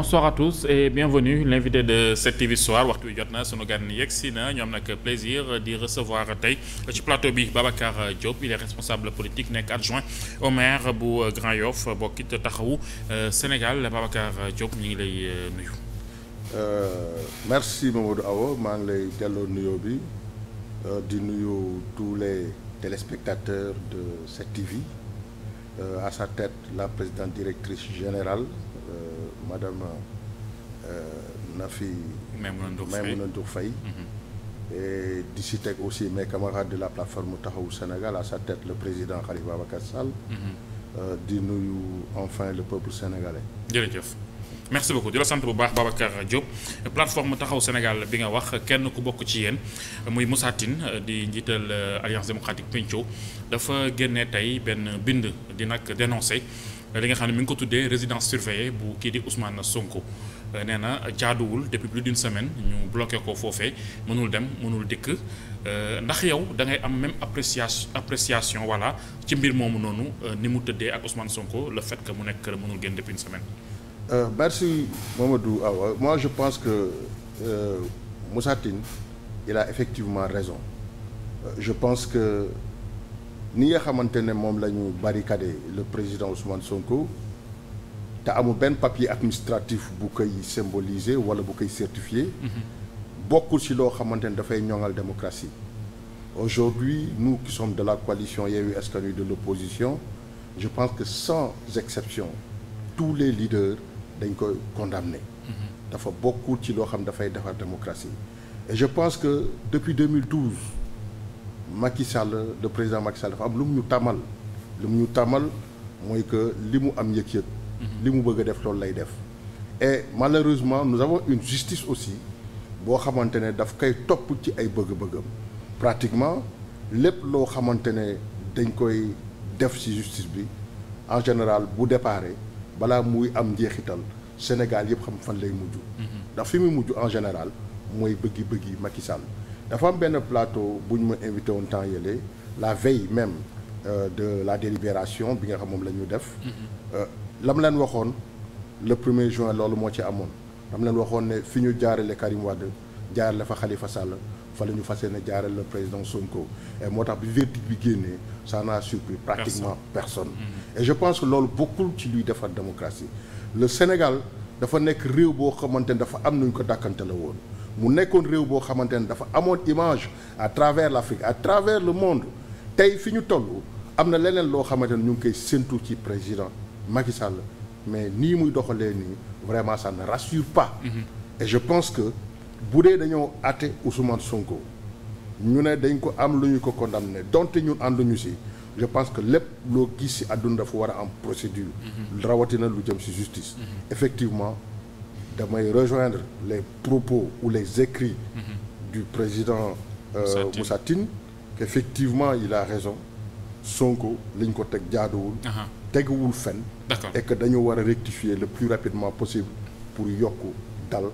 bonsoir à tous et bienvenue l'invité de 7TV Soir waxtu wi jot na sunu gan yegg si na ñoom nag plaisir di recevoir tey ci plateau bi Babacar Diop il est responsable politique nekk adjoint au maire bu Grand Yoff bokkit taxawu euh, Sénégal Babacar Diop ñu ngi lay euh, nuyu. Euh, merci Mamadou Awa maa ngi lay delloo nuyoo bi di nuyu tous les téléspectateurs de 7TV à sa tête la présidente directrice générale. madame euh, Nafi Maïmouna Ndour Faye mhm. et d'ici teg aussi mes camarades de la plateforme Taxawu Sénégal à sa tête le président Khalifa Ababacar Sall mhm. euh, di nuyu enfin le peuple sénégalais jërëjëf merci beaucoup di sant bu baax Babacar Diop plateforme taxaw Sénégal bi nga wax kenn ku bokk ci yéen muy Moussa di njiital euh, Alliance démocratique Pencco dafa génne tey benn bind di nag dénoncé li nga xam ne mi ngi ko tuddee résidence surveillée bu kii di Ousmane Sonko euh, nee na jaaduwul depuis plus d'une semaine ñu bloqué ko foofee mënul dem mënul dikk euh, ndax yow da ngay am même appréciation appréciation voilà ci mbir moomu noonu euh, ni mu tëddee ak Ousmane Sonko le fait mu nekk mënul génn depuis une semaine. Euh, merci Mamadou du moi je pense que euh, Moussa Tine il a effectivement raison je pense que. ni nga xamante ne moom la ñu barricadé le président Ousmane Sonko te amul benn papier administratif bu koy symboliser wala bu koy certifié. Mhm. bokkul ci loo xamante ne dafay ñoŋal démocratie. aujourd'hui nous qui sommes de la coalition Yewwi Askan Wi de l'opposition je pense que sans exception tous les leaders dañ koy condamner. Mhm. dafa bokkul ci loo xam dafay defar démocratie. et je pense que depuis 2012. Macky Sall le président Macky Sall dafa am lu mu ñu tamal lu mu ñu tàmmal mooy que li mu am yëg-yëg mhm. li mu bëgg a def loolu lay def et malheureusement nous avons une justice aussi boo xamante ne daf koy topp ci ay bëgg-bëggam pratiquement lépp loo xamante ne dañ koy def ci justice bi en général bu déparé balaa muy am njeexital Sénégal yëpp xam fan lay mujj mhm. ndax fi muy mujj en général mooy bëggi-bëggi Macky Sall dafa am benn plateau bu ñu ma invité woon temps yële la veille même euh, de la délibération bi nga xam moom la ñu def. Mhm. Euh, la mu leen waxoon le premier juin loolu moo ci amoon. la mu leen waxoon ne fi ñu jaarale Karim Wade jaarale fa xalifa Sall fa la ñu fas yéene jaarale le président Sonko et moo tax bi verdict bi génnee ça n'a surpris pratiquement personne. Mhm. et je pense que loolu bokkul ci luy defar démocratie le Sénégal dafa nekk réew boo xamante ne dafa am nu ko dàkkante la woon. mu nekkoon réew boo xamante ne dafa amoon image à travers l'Afrique à travers le monde tey fi ñu toll am na leneen loo xamante ne ñu ngi koy séntu ci président Macky Sall mais nii muy doxalee nii vraiment ça ne rassure pas. Mm-hmm. et je pense que bu dee dañoo àtte Ousmane Sonko ñu ne dañ ko am lu ñu ko condamné donte ñun ànduñu si je pense que lépp loo gis si àdduna dafa war a am procédure. Mm-hmm. rawatina lu jëm si justice. Mm-hmm. effectivement. damay rejoindre les propos ou les écrits mm du président euh, Moussa Tine qu'effectivement il a raison Sonko li ko teg jaaduwul teguwul fen et que dañu war a rectifier le plus rapidement possible pour yokku dal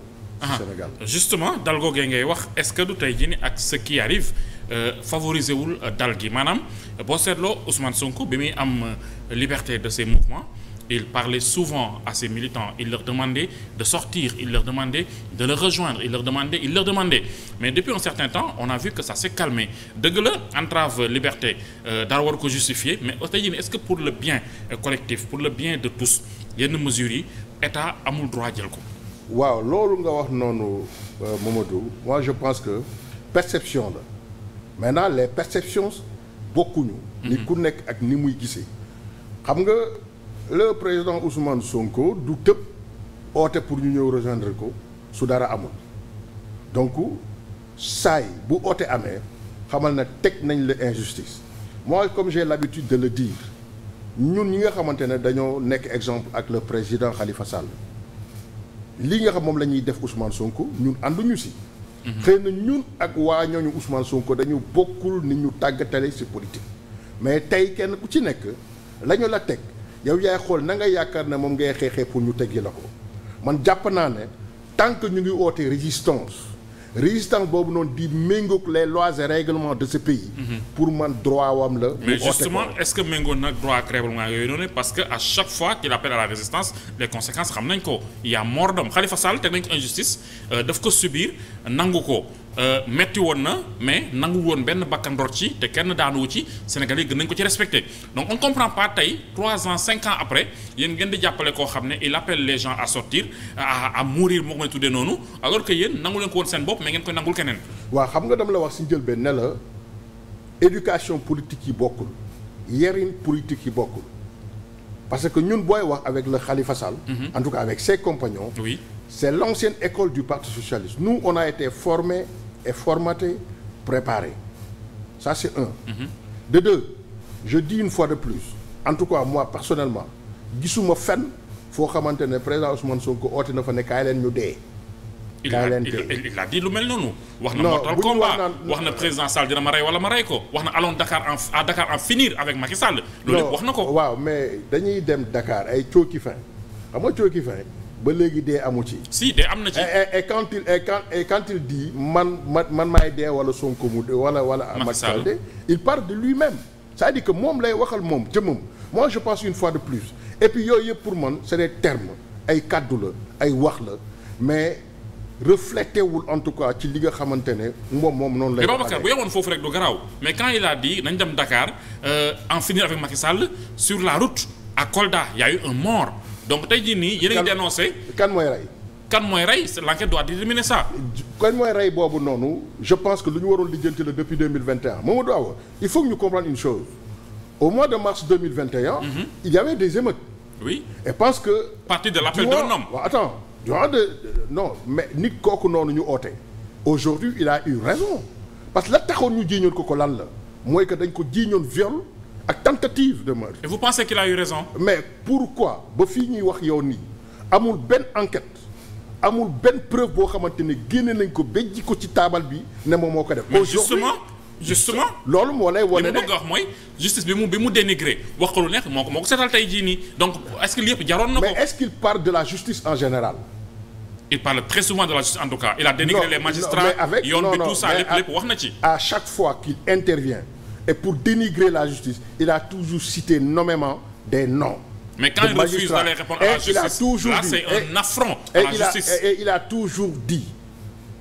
Sénégal justement dal googee ngay wax est-ce que du tey ji ni ak ce qui arrive euh, favoriser wul euh, dal gi maanaam boo seetloo Ousmane Sonko bi muy am euh, liberté de ses mouvements Il parlait souvent à ses militants, il leur demandait de sortir, il leur demandait de le rejoindre, il leur demandait, il leur demandait. Mais depuis un certain temps, on a vu que ça s'est calmé. dëgg entrave liberté euh, dara war ko justifier mais tey jii est-ce que pour le bien euh, collectif pour le bien de tous yenn mesures yi état amul droit jël ko. waaw loolu nga wax noonu euh, Mamadou moi je pense que perception la mais maintenant les perceptions bokkuñu. ni mhm. ku ni muy gisee le président Ousmane Sonko du tëb oote pour ñu ñëw rejoindre ko su dara amul donc saay bu oote amee xamal na teg nañ la injustice moi comme j'ai l'habitude de le dire ñun ñi nga xamante ne dañoo nekk exemple ak le président Khalifa Sall lii nga xam moom la ñuy def Ousmane Sonko ñun ànduñu si mhm. xëy na ñun ak waa ñooñu Ousmane Sonko dañu bokkul ni ñu tàggatale si politique mais tey kenn ku ci nekk la la teg yow yaay xool na nga yaakaar ne moom ngay xeexee pour ñu teggi la ko man jàpp naa ne tant que ñu ngi oote résistance résistance boobu noonu di méngoog les lois et règlements de ce pays. Mhm. pour man droit wam la. mais justement est-ce que méngoon nag droit ak règlement yooyu noonu parce que à chaque fois qu'il appelle à la résistance les conséquences xam nañ ko y a mort d'homme Khalifa Sall teg nañ ko injustice euh, daf ko subir nangu ko. Euh, metti woon na mais nangu woon benn bakkan rot ci te kenn daanuwu ci Sénégal yi gën nañ ko ci respecté donc on comprend pas tey trois ans cinq ans après yéen ngeen di jàppale koo xam ne il appelle les gens à sortir à à mourir moo ko tuddee noonu alors que yéen nangu leen ko woon seen bopp mais ngeen koy nangul keneen. waaw xam nga dama la wax si njëlbeen ne la éducation politique yi bokkul yarin politique yi bokkul parce que ñun booy wax avec la Khalifa Sall. Mhm. en tout cas avec ses compagnons. oui a été formés. est formaté, préparé. Ça, c'est un. De deux, je dis une fois de plus, en tout cas moi personnellement, gisuma fenn foo xamante ne président Ousmane Sonko oote na fa ne kaay leen ñu dee. leen dee il a dit lu mel noonu. wax na mortal combat wax na président Sall dina ma rey wala ma rey ko wax na allons Dakar en à Dakar en finir avec Macky Sall. loolu yëpp wax na ko. waaw mais dañuy dem Dakar ay cooki fin xam nga cooki fin ba léegi dee amu ci. si dee am na ci. et et et quand et quand il man man man maay dee wala sonk mu wala wala. Macky Sall de il parle de lui-même. à que moom lay waxal moom jëmmam moi je pense une fois de plus et yooyu yëpp pour man c'est des terme ay kaddu la ay wax la mais reflété wul en tout cas ci li nga xamante ne moom moom noonu lay. Babacar bu yemoon foofu rek du garaaw mais quand il a dit nañ dem Dakar euh, en finir avec Macky Sall sur la route à Kolda y un mort. donc tey jii nii yéen a ngi dénoncé. kan mooy rey. kan mooy rey l'enquête doit déterminer ça. kan mooy rey boobu noonu je pense que lu ñu waroon lijjanti la depuis deux mille vingt et un Mamadou Awa il faut que ñu comprendre une chose au mois de mars deux mille vingt et un. Mhm. il y avait des émeutes. oui et que. partie de l'appel d'un homme waaw attends durant de non mais nit kooku noonu ñu oote. aujourd'hui il a eu raison parce que la taxoon ñu jiiñoon ko ko lan la mooy que dañ ko jiiñoon viol. ak tentative de meurtre. et vous pensez qu'il a raison. mais pourquoi ba fii ñuy wax yow nii amul benn enquête amul benn preuve boo xamante ne génne nañ ko béjji ko ci taabal bi ne moom moo ko def. mais justement justement loolu moo lay wane ne li mu bëgg wax mooy justice bi mu bi mu dénigré wax ko moo ko moo ko jii nii donc est-ce que lépp jaroon na ko. est-ce qu'il parle de la justice en général. il parle très souvent de la justice en tout cas. il a dénigré les magistrats yoon bi tout ça wax na ci. à chaque fois qu'il intervient. et pour dénigrer la justice il a toujours cité nommément des noms. mais quand il refuse d'aller répondre à la justice, il a toujours là c'est un affront à la justice et il a toujours dit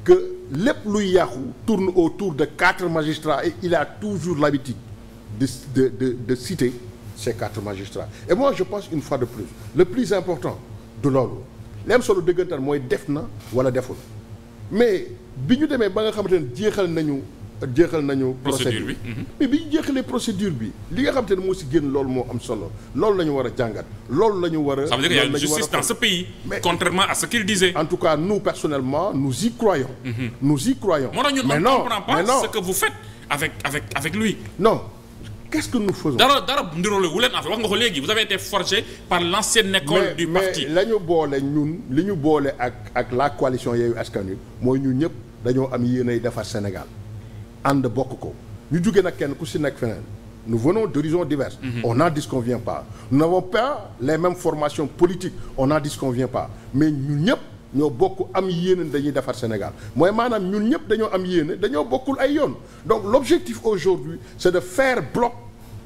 que lépp luy yàqu tourne autour de quatre magistrats et il a toujours l'habitude de de de de citer ces quatre magistrats et moi je pense une fois de plus le plus important du loolu le am solo dëggantaan mooy def na wala deful mais bi ñu demee ba nga xamante ne jeexal nañu. jeexal nañu procédure bi mais bi ñu jeexalee procédure bi li nga xam te ne moo si génn loolu moo am solo loolu la ñu war a jàngat loolu la ñu war a ça veut dire qu'il y a une justice dans ce pays mais contrairement à ce qu'il disait en tout cas nous personnellement nous y croyons mm-hmm. nous y croyons moo tax ñun on ne comprend pas ce que vous faites avec avec dara dara ndiroole wu leen affaire wax nga ko léegi vous avez été forgé par l'ancienne école du parti mais boole ñun li ñu boole ak ak la coalition Yewwi Askan Wi mooy ñun ñëpp dañoo am yéenay defar Sénégal ànd bokk ko ñu jugee nag kenn ku si nekk feneen nous venons d'horizons divers mm -hmm. on n'en disconvient pas nous n'avons pas les mêmes formations politiques on n'en disconvient pas mais ñun ñëpp ñoo bokk am yéene dañuy defar Sénégal mooy maanaam ñun ñëpp dañoo am yéene dañoo bokkul ay yoon donc l'objectif aujourd'hui c'est de fair bloc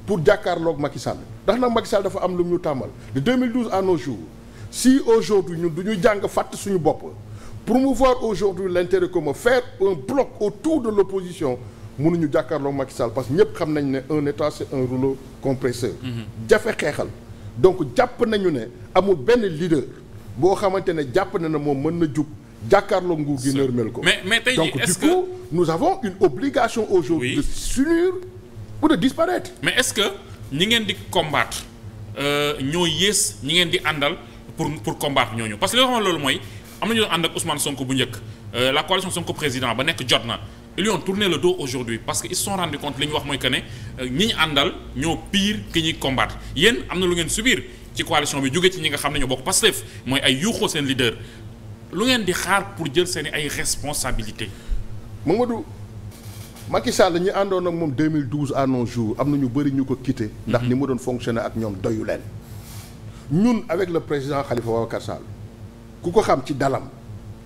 pour jàkkaarloog Macky Sall ndax nag Macky dafa am lu ñu tàmbal de 2012 à nos jours si aujourd'hui ñun du ñu jàng fàtt suñu bopp promouvoir aujourd'hui l'intérêt commun faire un bloc autour de l'opposition mënuñu jàkkaarloo Macky Sall parce que ñëpp xam nañ ne un état c'est un rouleau compresseur mhm. jafe xeexal donc jàpp nañu ne amul benn leader boo xamante ne jàpp na ne moom mën na jub jàkkaarloo nguur gi nërmel ko mais mais tey donc est coup que... nous avons obligation aujourd'hui oui. de s'unir ou de mais est-ce que ñi ngeen di combattre euh, ñoo yées ñi ngeen di àndal pour pour combattre ñooñu parce que li loolu mooy am nañu doon ànd ak Ousmane sonk bu njëkk euh, la coalition Sonko président ba nekk jot na ils lui ont tourné aujourd'hui parce que ils se sont rendu compte li ñu wax mooy que ne euh, ñi ñu àndal ñoo pire que ñuy combattre yéen am na lu ngeen subir ci coalition bi jóge ci ñi nga xam ne ñoo bokk Pastef mooy ay yuuxoo seen leader lu ngeen di xaar pour jël seen ay responsabilité Mamadou Macky la ñi àndoon ak moom 2012 à nos jours am na ñu bëri ñu ko quitté. ndax mhm. ni mu doon fonctionner ak ñoom doyu leen. ñun avec le président Khalifa Babacar ku ko xam ci dalam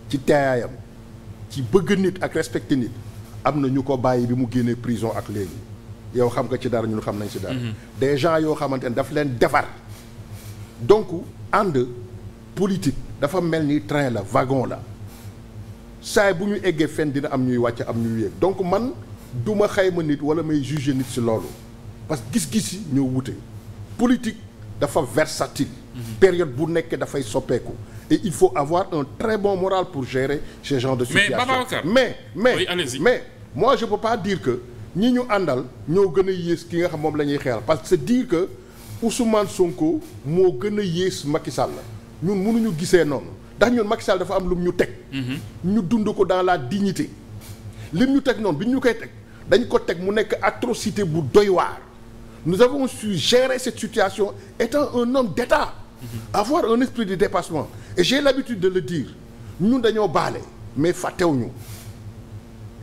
ci teeyaayam ci bëgg nit ak respecté nit am na ñu ko bàyyi bi mu génnee prison ak léegi yow xam nga ci dara ñun xam nañ ci dara. Mhm. des gens yoo xamante ne daf leen defar. donc ànd politique dafa mel ni train la wagon la saay bu ñu eggee fenn dina am ñuy wàcc am ñuy yéeg donc man du ma xayma nit wala may juger nit si loolu parce que gis-gis yi ñoo wute politique dafa versatile. Mhm. période bu nekkee dafay soppeeku. il faut avoir un très bon moral pour gérer ce genre de situation mais Babacar mais mais oui, mais moi je peux pas dire que ñi ñu àndal ñoo gën a yées ki nga xam moom la ñuy xeeral parce que c'est dire que Ousmane Sonko moo gën a yées Macky Sall ñun mënuñu gisee noonu ndax ñun Macky dafa am lum ñu teg. Mhm. ñu dund ko dans la dignité lim ñu teg noonu bi ñu koy teg dañ ko teg mu nekk atrocité bu doy waar nous avons su gérer cette situation étant un homme d'État. Mhm. avoir un esprit de et j'ai l'habitude de le dire ñun dañoo baale mais fàttewuñu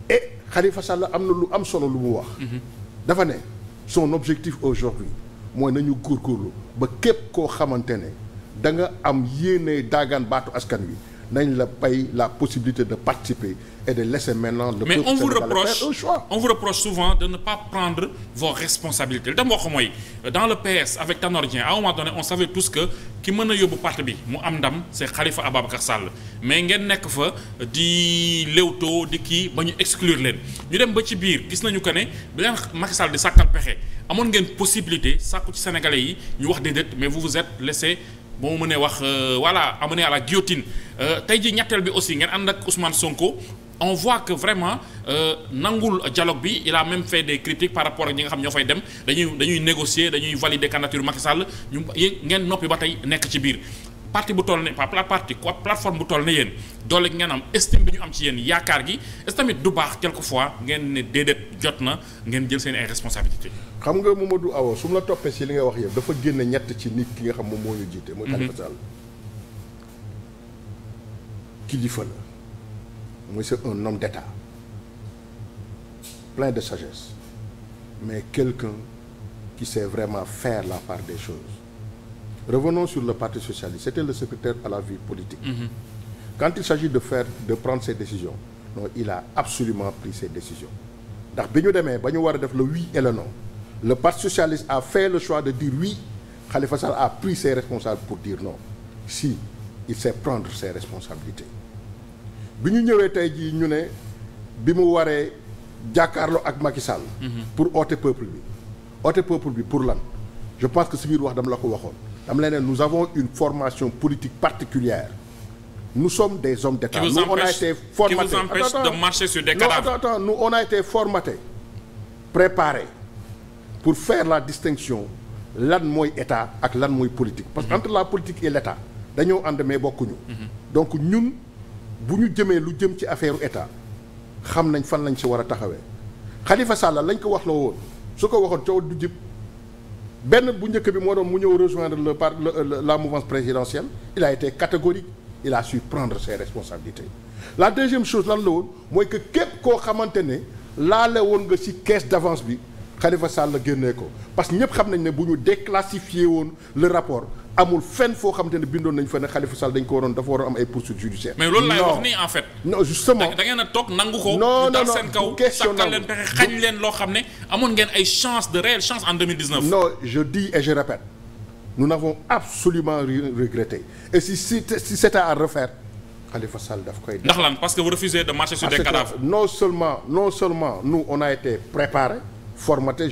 et Khalifa Sall am na lu am solo lu mu wax mhm. dafa ne son objectif aujourd'hui mooy nañu góorgóorlu ba képp koo xamante ne da nga am yéene daagaan baatu askan wi nañ la pay la possibilité de participer et de laisser maintenant le mais on vous reproche on vous reproche souvent de pas prendre vos responsabilités li tam wax mooy dans le PS avec Tanor Dieng à un moment donné on savait tous que ki mën a yóbbu parti bi mu am ndam c'est Khalifa Ababacar Sall mais ngeen nekk fa di léwtoo di kii ba ñu exclure leen ñu dem ba ci biir gis nañu que ne bi leen Macky Sall di sàkkal pexe amoon ngeen possibilité sàkku ci sénégalais yi ñu wax déedéet mais vous vous êtes laissé boo mu mënee wax euh, voilà amené à la guillotine euh, tey ji ñetteel bi aussi ngeen ànd ak Ousmane Sonko on voit que vraiment euh, nangul dialogue bi il a même fait des par rapport ak ñi nga xam ñoo fay dem dañuy dañuy négocier dañuy valider candidature Macky Sall ngeen noppi ba tey nekk ci biir parti bu toll ne pas parti quoi plateforme bu toll ne yéen doole gi ngeen am estime bi ñu am ci yéen yaakaar gi est tamit du baax fois ngeen ne déedéet jot na ngeen jël seen ay responsabilités. xam nga Mamadou Awa su ma la toppee si li nga wax yëpp dafa génn ñett ci nit ki nga xam moom moo ñu jiite. mooy Khalifa mhm. Sall kilifa la mooy c'est un nom d'état plein de sagesse mais quelqu'un qui sait vraiment faire la part des choses. revenons sur le parti socialiste c'était le secrétaire à la vie politique mm -hmm. il s'agit de faire de prendre ses décisions non il a absolument pris ses décisions ndax bi ñu demee ba ñu war a def le oui et le non le parti socialiste a fait le choix de dire oui Khalifa Sall a pris ses responsables pour dire non si il sait prendre ses responsabilités bi ñu ñëwee tey jii ñu ne bi mu waree jàkkaarloo ak Macky Sall mhm. pour oote peuple bi oote peuple bi pour lan je pense que si biir wax dama la ko waxoon dama leen ne nous avons une formation politique particulière nous sommes des hommes d'État. nous empêche, on a été formatés qui vous empêche attends, attends. de marcher sur pour faire la distinction lan mooy état ak lan mooy politique. parce que mm -hmm. entre la politique et l'État dañoo ànd mais bokkuñu. Mhm. donc ñun bu ñu jëmee lu jëm ci affaire état xam nañ fan lañ si war a taxawee Khalifa Sall lañ ko wax la woon su ko waxoon coow du jib benn bu njëkk bi moo doon mu ñëw rejoindre le par la mouvance présidentielle il a été catégorique il a su prendre ses responsabilités la deuxième chose lan la woon mooy que képp koo xamante ne laale woon nga ci caisse d'avance bi Khalifa Sall génnee ko parce que ñëpp xam nañ ne bu ñu déclassifié woon le rapport amul fenn foo xamante ne bindoon nañ fa ne Khalifa Sall dañ ko waroon dafa waroon am ay poursuites judiciaires. mais loolu laay wax nii en fait. non justement da ngeen a nangu ko. non non non leen loo xam ne amoon ngeen ay chance de réelle chance en 2019. non je dis et je répète nous n'avons absolument rien regretté et si si si c'était à refaire Khalifa Sall daf koy. ndax lan parce que vous refusez de marcher sur des cadavres. non seulement non seulement nous on a été préparés formatés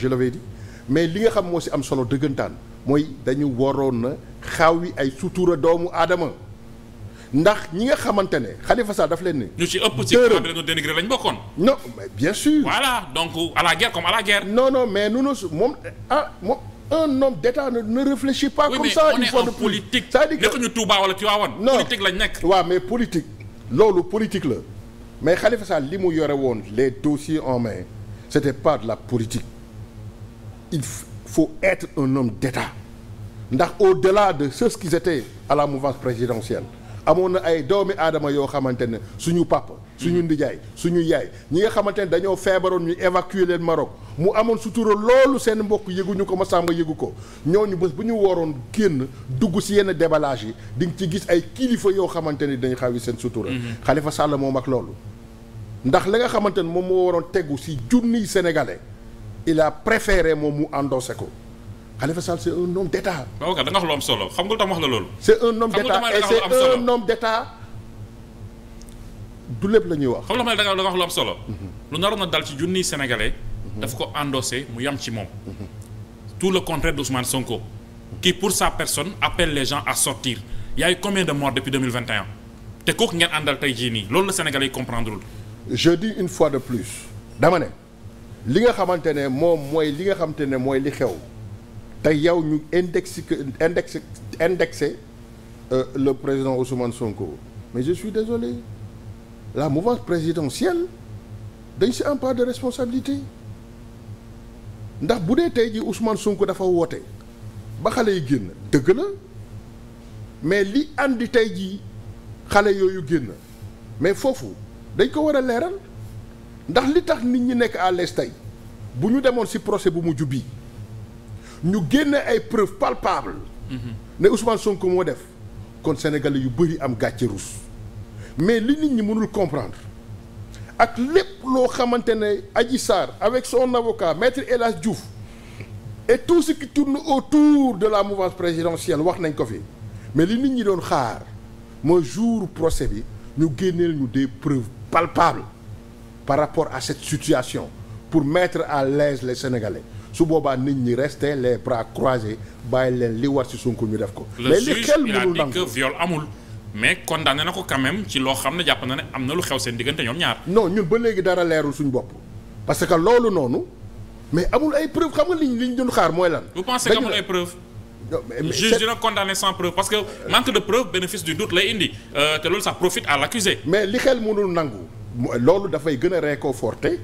mais li nga xam moo si am solo dëggantaan mooy dañu waroon na. xaaw xaawi ay sutura doomu aadama ndax ñi nga xamante ne Khalifa Sall daf leen ne. ñu ci ëpp ci bi dañoo dénigré lañ bokkoon. non mais bien sûr. voilà mais nous moom ah moom un homme d'État ne ne réfléchit pas. Oui, comme ça il faut de politique. c'est-à-dire que nekkuñu Touba wala Tivaouane. non lañ nekk. waaw mais politique loolu politique la mais Khalifa Sall li mu yore woon les dossiers en main c'était pas de la politique il faut être un homme d'État. ndax au-delà de ceux qui étaient à la mouvance présidentielle amoon na ay doomi aadama yoo xamante ne suñu papa suñu mm-hmm. ndijaay suñu yaay ñi nga xamante ne dañoo feebaroon ñu évacuer leen Maroc mu amoon sutura loolu seen mbokk yëguñu ko ma sàmba yëgu ko ñoo ñooñu bés bu ñu waroon génn dugg si yenn déballage yi di nga ci gis ay kilifa yoo xamante ni dañu xawi seen sutura mm-hmm. Khalifa Sall moom ak loolu ndax li nga xamante ne moom moo waroon tegu si junniy sénégalais il a préféré moom mu endossé ko Khalifa Sall c' est un homme d' waaw da nga wax lu am solo xam nga lu tax wax la loolu. c' est un homme d' état et c' lépp la ñuy wax. xam nga da nga wax lu am solo. lu naroon na dal ci junniy sénégalais. daf ko endossé mu yam ci moom. tout le contraire d' Ousmane Sonko. qui pour sa personne appel les gens à sortir y a eu combien de morts depuis deux te kooku ngeen àndal tey jii nii loolu la sénégalais yi comprendre lul. dis une fois de plus. dama ne li nga xamante ne moom mooy li nga xamante ne mooy li xew. te yow ñu indexé indexé euh, indexé le président Ousmane Sonko mais je suis désolé la mouvance présidentielle dañ si am part de responsabilité ndax bu dee tey ji Ousmane Sonko dafa woote ba xale yi génn dëgg la mais li andi tey jii xale yooyu génn mais foofu dañ ko war a leeral ndax li tax nit ñi nekk à l'aise tey bu ñu demoon si procès bu mujj bii ñu génne ay preuves palpables. ne Ousmane Sonko moo def. kon sénégalais yu bëri am gàcce rus mais li nit ñi mënul comprendre ak lépp loo xamante ne aji Sarr avec son avocat maître El Hadj Diouf et tout ce qui tourne autour de la mouvance présidentielle wax nañ ko fi mais li nit ñi doon xaar mooy jour procès bi ñu génneel ñu des preuves palpables par rapport à cette situation pour mettre à l'aise les Sénégalais su boobaa nit ñi reste les bras croisés bàyyi leen li war ci Sonko ñu def ko. mais li xel mënul nangu amul. mais condamné na ko quand même ci loo xam ne jàpp na ne am na lu xew seen diggante ñoom ñaar. non ñun ba léegi dara leerul suñu bopp parce que loolu noonu mais amul ay preuve xam nga liñ liñ doon xaar mooy lan. vous pensez que amul ay parce que manque de preuve bénéfice du doute lay indi euh, te loolu sax profite à mais li xel mënul nangu loolu dafay gën a réconforter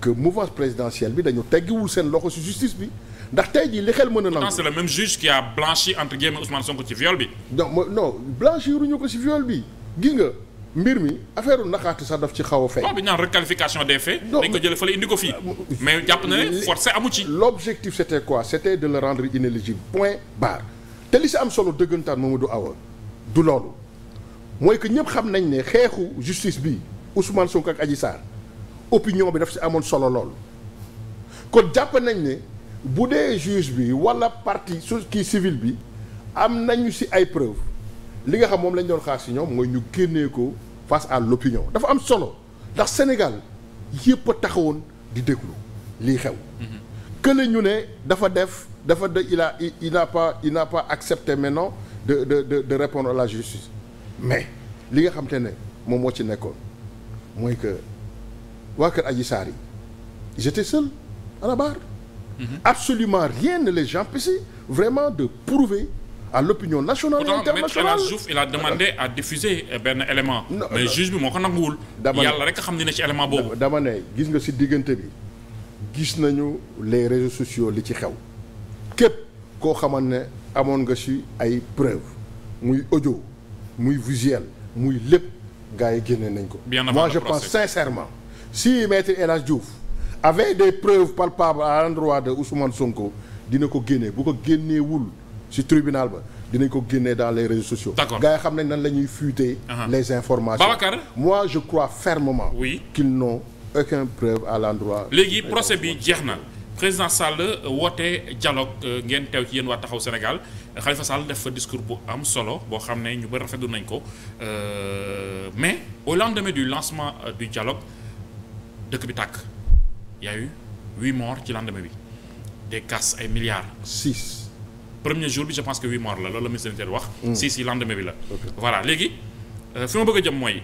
que mouvance présidentielle bi dañu teggiwul seen loxo ci justice bi ndax tey jii li xel mën a nangu. c'est le même juge qui a blanchi entre guillemets Ousmane Sonko ci viol bi. non non blanchiruñu ko ci viol bi gis nga mbir mi affaire naxaati sa def ci xaw a fay. waaw bi ñu requalification des faits. dañ ko jëlee fële indi ko fii. Ah, mais jàpp na ne forcé amu ci. l'objectif c'était quoi c'était de le rendre inéligible point barre te li ci am solo dëggantaan moom Awa du loolu mooy que ñëpp xam nañ ne xeexu justice bi Ousmane Sonko ak Adji Sarr. opinion bi daf si amoon solo loolu kon jàppa nañ ne bu dee juge bi wala partie su kii civil bi am nañu si ay preuve li nga xam moom lañ doon xaar si ñoom mooy ñu génnee ko face à l'opinion dafa am solo ndax Sénégal yëpp a taxawoon di déglu lii xew kële ñu ne dafa def dafa de il a il n'a pas il n'a pas accepté maintenant de de de de répondre la justice mais li nga xam te ne moom moo ci nekkoon mooy que waa kër Adji Sarr yi ils étaient seuls à mm-hmm. absolument rien ne les empêchait vraiment de prouver à l'opinion nationale et internationale Maître El Hadj Diouf il a demandé à diffuser eh, benn élément non, mais non. juge bi moo ko nanguwul yàlla rek a xam ne ne ci élément boobu dama ne gis nga si diggante bi gis nañu les réseaux sociaux li ci xew képp koo xaman ne amoon nga si ay preuve muy audio muy visuel muy lépp gars yi génne nañ ko moi je pense sincèrement si maître El Hadj Diouf avait des preuves palpables à l'endroit de Ousmane Sonko dina ko génne bu ko génneewul ci tribunal ba dinañ ko génne dans les réseaux sociaux. d'accord gars xam nañ nan la ñuy fuiter. les informations Babacar. moi je crois fermement. oui qu'ils n'ont aucune preuve à l'endroit. léegi procès bi jeex na. président Sall woote dialogue euh, ngeen teew ci yéen waa taxaw Sénégal Khalifa Sall def fa discours bu am solo boo xam ne ñu bari rafetlu nañ ko euh, mais au lendemain du lancement euh, du dialogue dëkk bi tàkk y eu huit morts ci lendemain bi de casses ay milliards. six premier jour bi je pense que huit morts la loolu la ministre de l'Intérieur wax. Hmm. six yi lendemain bi la. voilà léegi euh, fi ma bëgg a jëm mooy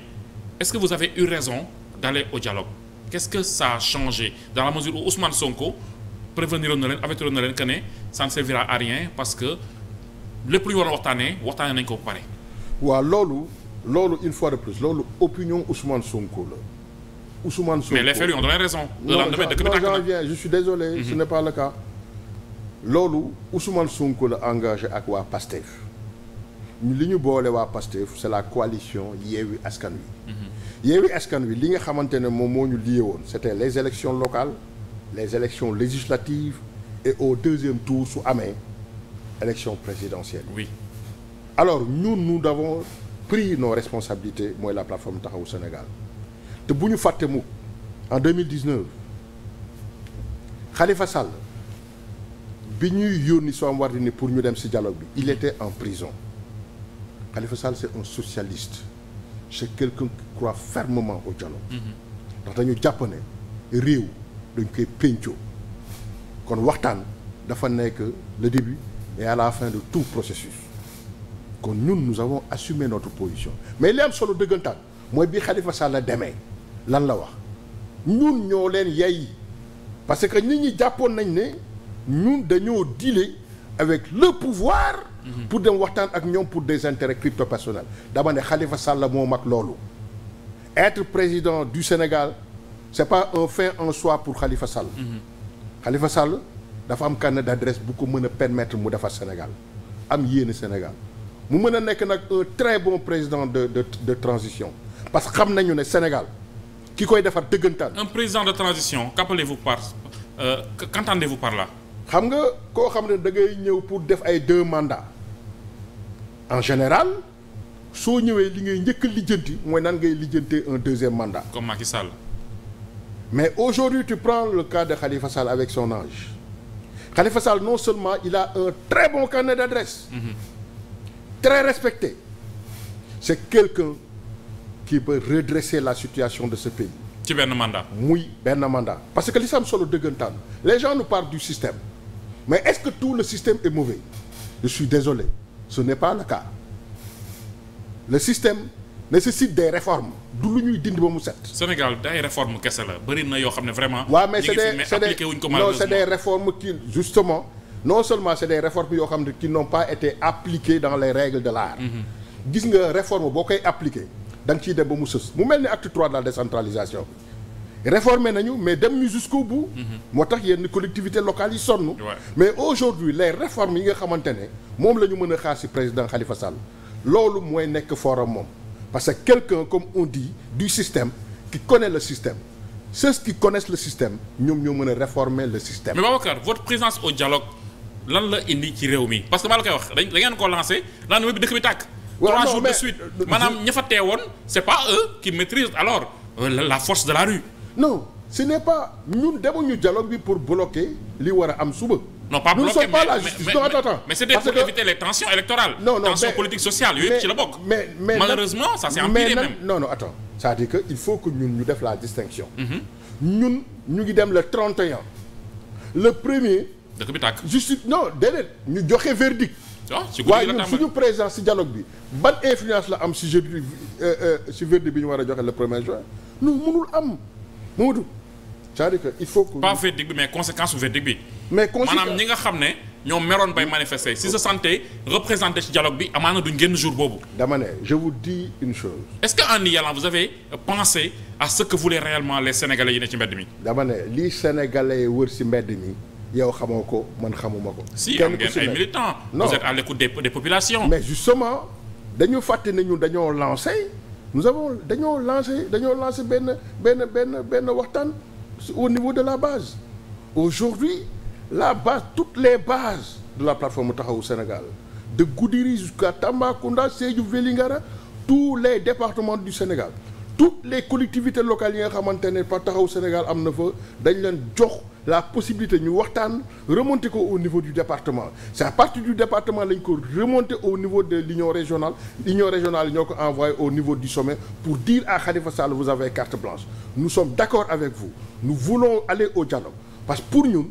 est-ce que vous avez eu raison d'aller au dialogue qu'est-ce que ça a changé dans la mesure où Ousmane Sonko préveniroon na leen avertiroon na leen que ne ça ne servira à rien parce que lépp lu ñu war a waxtaanee waxtaanee nañ ko ba pare. waaw loolu loolu de plus loolu opinion Ousmane Sonko mais les faits lui ont donné raison. le lendemain dëkk bi tàkk je suis désolé. ce mhm. n'est pas le cas. loolu Ousmane Sonko la engagé ak waa PASTEF li ñu boole waa PASTEF c'est la coalition Yewwi Askan Wi. Mm -hmm. Yewwi li nga xamante ne moom moo ñu lié woon c'était les élections locales les élections législatives et au deuxième tour su amee élection présidentielle. alors ñun nous, nous avons pris nos responsabilités mooy la plateforme Taxawu Sénégal. te bu ñu fàtte mukk en 2019 Khalifa Sall bi ñuy yónni soo am war ni pour ñu dem ci dialogue bi il était en prison Khalifa Sall c'est un socialiste c'est quelqu'un qui croit fermement au dialogue mm-hmm. ndax dañu jàpp ne réew dañ koy péncoo kon waxtaan dafa nekk le début et à la de tout processus kon ñun nous avons assumé notre position mais li am solo dëggantaan mooy bi xalifa Sall demee lan la wax ñun ñoo leen yay parce que nit ñi jàppoon nañ ne ñun dañoo dealer avec le pouvoir. Mhm. pour dem waxtaan ak ñoom pour des intérêts crypto personnels dama ne xalifa Sall moo mag loolu. être président du Sénégal c'est pas un fin en soi pour xalifa Sall. xalifa mhm. Sall dafa am carnet d'adresse bu ko mën a permettre mu defar Sénégal am yéene Sénégal mu mën a nekk nag un très bon président de de de transition parce que xam nañu ne Sénégal. ki koy defar dëggantaan. un président de transition qu'appelez-vous par euh, qu'entendez-vous par là. xam nga koo xam ne da ngay ñëw pour def ay deux mandats en général soo ñëwee li ngay njëkk a mooy nan ngay lijjantee un deuxième mandat. comme Macky Sall. mais aujourd'hui tu prends le cas de Khalifa Sall avec son âge Khalifa Sall non seulement il a un très bon carnet d'adresse. Mm mm-hmm. très respecté. c'est quelqu'un qui veut redresser la situation de ce pays. ci benn mandat. muy benn mandat parce que li sam solo dëggantaan les gens nous parlent du système mais est-ce que tout le système est mauvais je suis désolé ce n'est pas le cas le système nécessite des réformes du lu ñuy dind ba mu set. Sénégal day réformes kese la bëri na yoo xam ne vraiment. waaw mais c'est des c'est des non c'est des réformes yoo xam ne qui n'ont pas été appliquées dans les règles de l'art mhm. gis nga réforme boo koy appliquer. danga nga ciy dem ba mu sës mu mel ni acte trois de la décentralisation réformé nañu mais dem ñu jusqu'au bu mhm. moo tax yenn collectivité locale yi sonn mais aujourd'hui les réformes yi nga xamante ne moom la ñu mën a xaar ci président Khalifa Sall loolu mooy nekk forum moom parce que quelque comme on dit du système qui connaît le système ceux qui connaissent le système ñoom ñoo mën a réformer le système mais Babacar votre présence au dialogue lan la indi ci réew mi parce que maa la koy wax da ngeen ko lancé lan bi trois jours de suite euh, maanaam ña fa teewoon c'est pas eux qui maîtrisent alors euh, la force de la rue non ce n'est pas ñun demuñu dialogue bi pour bloquer li war a am suba non pas bloquer mais mais non attends mais c'était pour éviter les tensions électorales non non tensions politiques sociales yooyu yëpp ci la bokk mais malheureusement ça s'est empiré même non non attends c'est-à-dire que il faut que ñun ñu def la distinction mhm. ñun ñu ngi dem le 31 le premier dëkk Ah, waaw ñu présence si dialogue bi ban influence la am si jeudi si euh, euh, verdict bi ñu war a joxe le premier juin nu mënul am Mamadou c'est-à-dire il faut que. pas verdict bi mais conséquence su verdict bi. mais conséquence maanaam ñi nga xam ne ñoo meroon bay manifester si sa santé représenté ci dialogue bi amaana duñ génn jour boobu. dama ne je vous dis une chose. est-ce que en y allant vous avez pensé à ce que voulaient réellement les sénégalais yi ne ci mbedd mi. dama ne lii sénégalais si mbedd mi. yow xamoo ko man xamuma ko. si am ngeen ay militants. non vous êtes des des populations. mais justement dañu fàtte nañu ñun dañoo lancé nous avons dañoo lancé dañoo lancé benn benn benn benn waxtaan au niveau de la base. aujourd'hui la base toutes les bases de la plateforme taxawu Sénégal de Goudiri jusqu'à Tambacounda Sédhiou Vélingara tous les départements du Sénégal. toutes les collectivités locales yi nga xamante ne par taxaw Sénégal am na fa dañ leen jox la possibilité ñu waxtaan remonter ko au niveau du département c'est à partir du département lañ ko remonter au niveau de l'union régionale l'union régionale ñoo ko envoyé au niveau du sommet pour dire à Khalifa Sall vous avez carte blanche nous sommes d'accord avec vous nous voulons aller au dialogue parce que pour ñun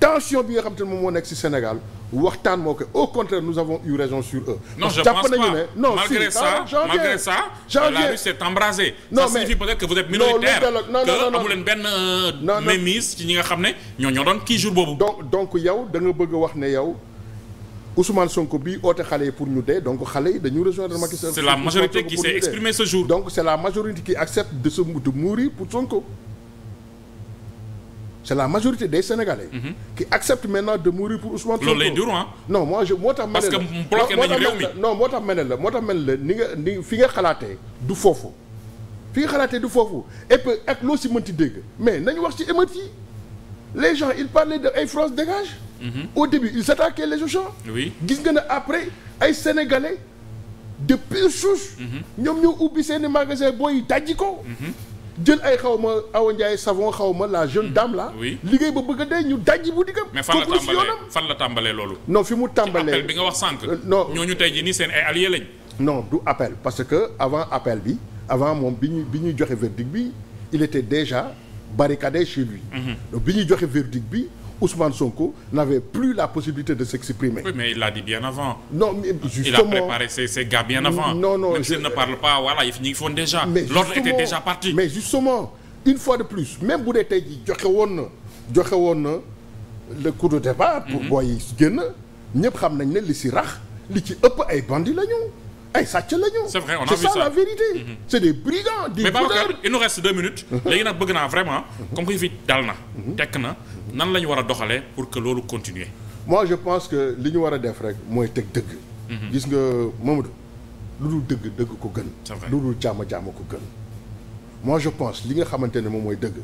tension bi nga xam te ne moom moo nekk ci Sénégal waxtaan moo koy au contraire nous avons eu raison sur eux. non je pense pas non malgré ça malgré ça. la rue s'est embrasée. non mais ça signifie peut-être que vous êtes minoritaire que amu leen benn. Euh, non mémise ci ñi nga xam ne ñoo ñoo doon kii jour boobu. donc donc yow da nga bëgg a wax ne yow Ousmane Sonko bi oote xale yi pour ñu dee donc xale yi dañu rejoindre Macky Sall. c'est la majorité qui s'est exprimée ce jour. donc c'est la majorité qui accepte de se de mourir pour Sonko. c'est la majorité des Sénégalais. Mm -hmm. qui acceptent maintenant de mourir pour Ousmane Sonko. loolu lay dur ah. non moo tax. parce que bloqué nañu non moo tax ma ne la moo tax ma ne la ni nga ni fi nga xalaatee du foofu. fi nga xalaatee du foofu et puis ak loo si mënti dégg mais na ñu wax ci émeutes yi les gens ils parlaient de ay France dégage. Mm -hmm. au début ils attaquaient les gens. oui gis nga ne après ay sénégalais de pure mhm. ñoom ñoo ubbi seeni magasin booy yi ko. Mhm. jël ay xaw ma Awa Ndiaye savon xaw ma la jeune hmm. dame là. oui liggéey ba bëgg a dee ñu dajji bu diggam. mais fan la tàmbalee fan la tàmbalee loolu. non fi mu tàmbalee appel bi nga wax sànq. Euh, non ñooñu tey jii nii seen ay alliés lañ. non du appel parce que avant appel bi avant moom bi ñuy bi ñuy joxe verdict bi il était déjà barricadé chez lui. Hmm. donc bi ñuy joxe verdict bi. Ousmane Sonko n'avait plus la possibilité de s'exprimer. Oui, mais il l'a dit bien avant. Non, mais justement. Il a préparé ses, ses gars bien avant. Non, non, Même s'il ne parle pas, voilà, ils finissent font déjà. déjà Mais justement, une fois de plus, même bu dee tey jii joxe woon na joxe woon na le coup de départ. pour mhm. booy génn ñëpp xam nañ ne li si rax li ci ëpp ay bandits la ay sàcc la ñu. c'est vrai la vérité. Mhm. c'est des brigands. des mais Babacar il mhm. bëgg naa vraiment. Mhm. comme que fi dal na. tekk na nan la ñu war a doxalee pour que loolu continuer. moi je pense que li ñu war a def rek mooy teg dëgg. gis nga Mamadou lu dul dëgg dëgg ko gën. c'est lu dul jàmm jàmm ko gën. moi je pense li nga xamante ne moom mooy dëgg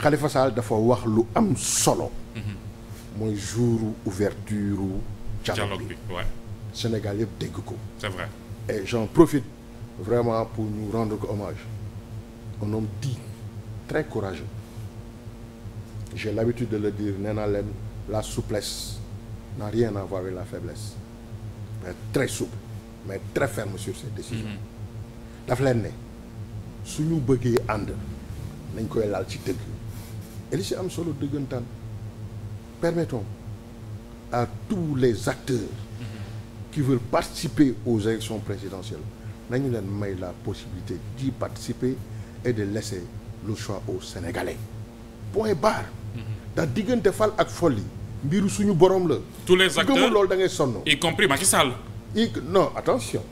Khalifa Sall dafa wax lu am solo. mooy jouru ouverture dialogue bi. Sénégal yëpp dégg ko. c'est vrai et j'en profite vraiment pour ñu rendre ko hommage un homme digne très courageux j'ai l'habitude de le dire nee naa leen la souplesse n'a rien à voir la faiblesse mais très souple mais très ferme sur ses décisions mm-hmm. daf leen ne suñu bëggee ànd nañ koy laal ci dëgg et li si am solo dëggantaan permettons à tous les acteurs mm-hmm. qui veulent participer aux élections présidentielles nañu leen may la possibilité d'y participer et de laisser le choix aux Sénégalais point barre mhm. ndax diggante fal ak folli mbiru suñu borom la tous les acteurs gëmul da ngay sonn y compris Macky Sall i non attention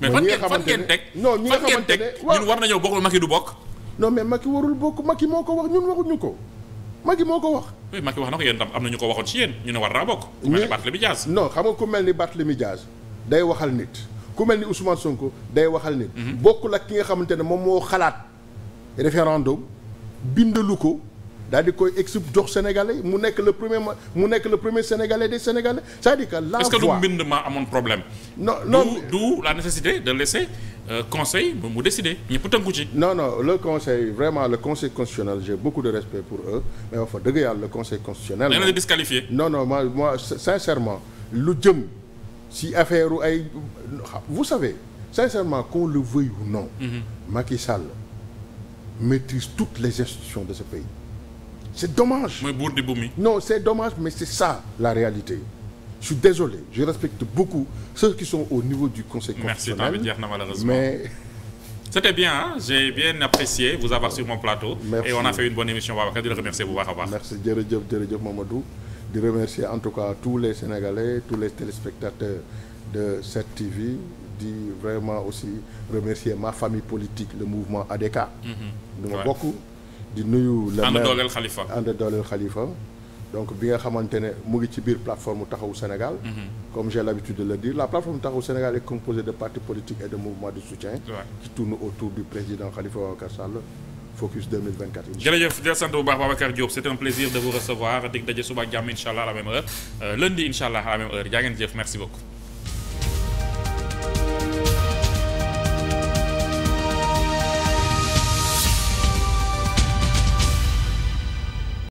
mais fan ngeen fan ngeen teg non ñi nga xamante ne ñun war nañoo bokk Macky du bokk non mais Macky warul bokk Macky moo ko wax ñun waxuñu ko Macky moo ko wax. oui wax na ko yéen tam am na ñu ko waxoon ci yéen ñu ne war naa bokk. ñu ne Barthélémy Dias. non xam nga ku mel ni Barthélémy Dias day waxal nit ku mel ni Ousmane Sonko day waxal nit. Mhm. bokkul ak ki nga xamante ne moom moo xalaat référendum bindalu ko. daal di koy expliqué jox sénégalais mu nekk le premier ma mu nekk le premier sénégalais des sénégalais c'est-à-dire que. la est que du mbind maa amoon problème. non non d'où la nécessité de laisser euh, conseil mu décider ñëpp tënku ci. non non le conseil vraiment le conseil constitutionnel j'ai beaucoup de respect pour eux mais fa dëgg yàlla le conseil constitutionnel. dañ la disqualifié. non non moi sincèrement lu jëm si affaire u ay vous savez sincèrement qu'on le veuille ou non. Mm-hmm. Macky Sall maîtrise toutes les institutions de ce c'est dommage. mooy buur di bumi. non c'est dommage mais c'est ça la réalité je suis désolé je respecte beaucoup ceux qui sont au niveau du conseil constitutionnel. merci temps bi jeex mais. c'était bien ah j'ai bien apprécié vous avoir sur mon plateau. et on a fait une bonne émission Babacar di la remercier bu baax a baax. merci en tout cas tous les Sénégalais tous les téléspectateurs de cette TV di vraiment aussi remercier ma famille politique le mouvement ADK. Mm-hmm. du ma bokk. di nuyu la ànd dooleel xalifa ànd dooleel xalifa donc bi nga xamante ne mu ngi ci biir plateforme taxawu Sénégal mhm. comme j'ai l'habitude de le dire la plateforme taxawu Sénégal est composée de partis politiques et de mouvements de soutien qui tournent autour du président Khalifa Ababacar Sall Focus 2024 incha allah jërëjëf jërëjëf sant bu baax Babacar Diop c'est un plaisir de vous recevoir dig daje suba jàmm incha allah à la même heure euh, lundi incha allah à la même heure jaa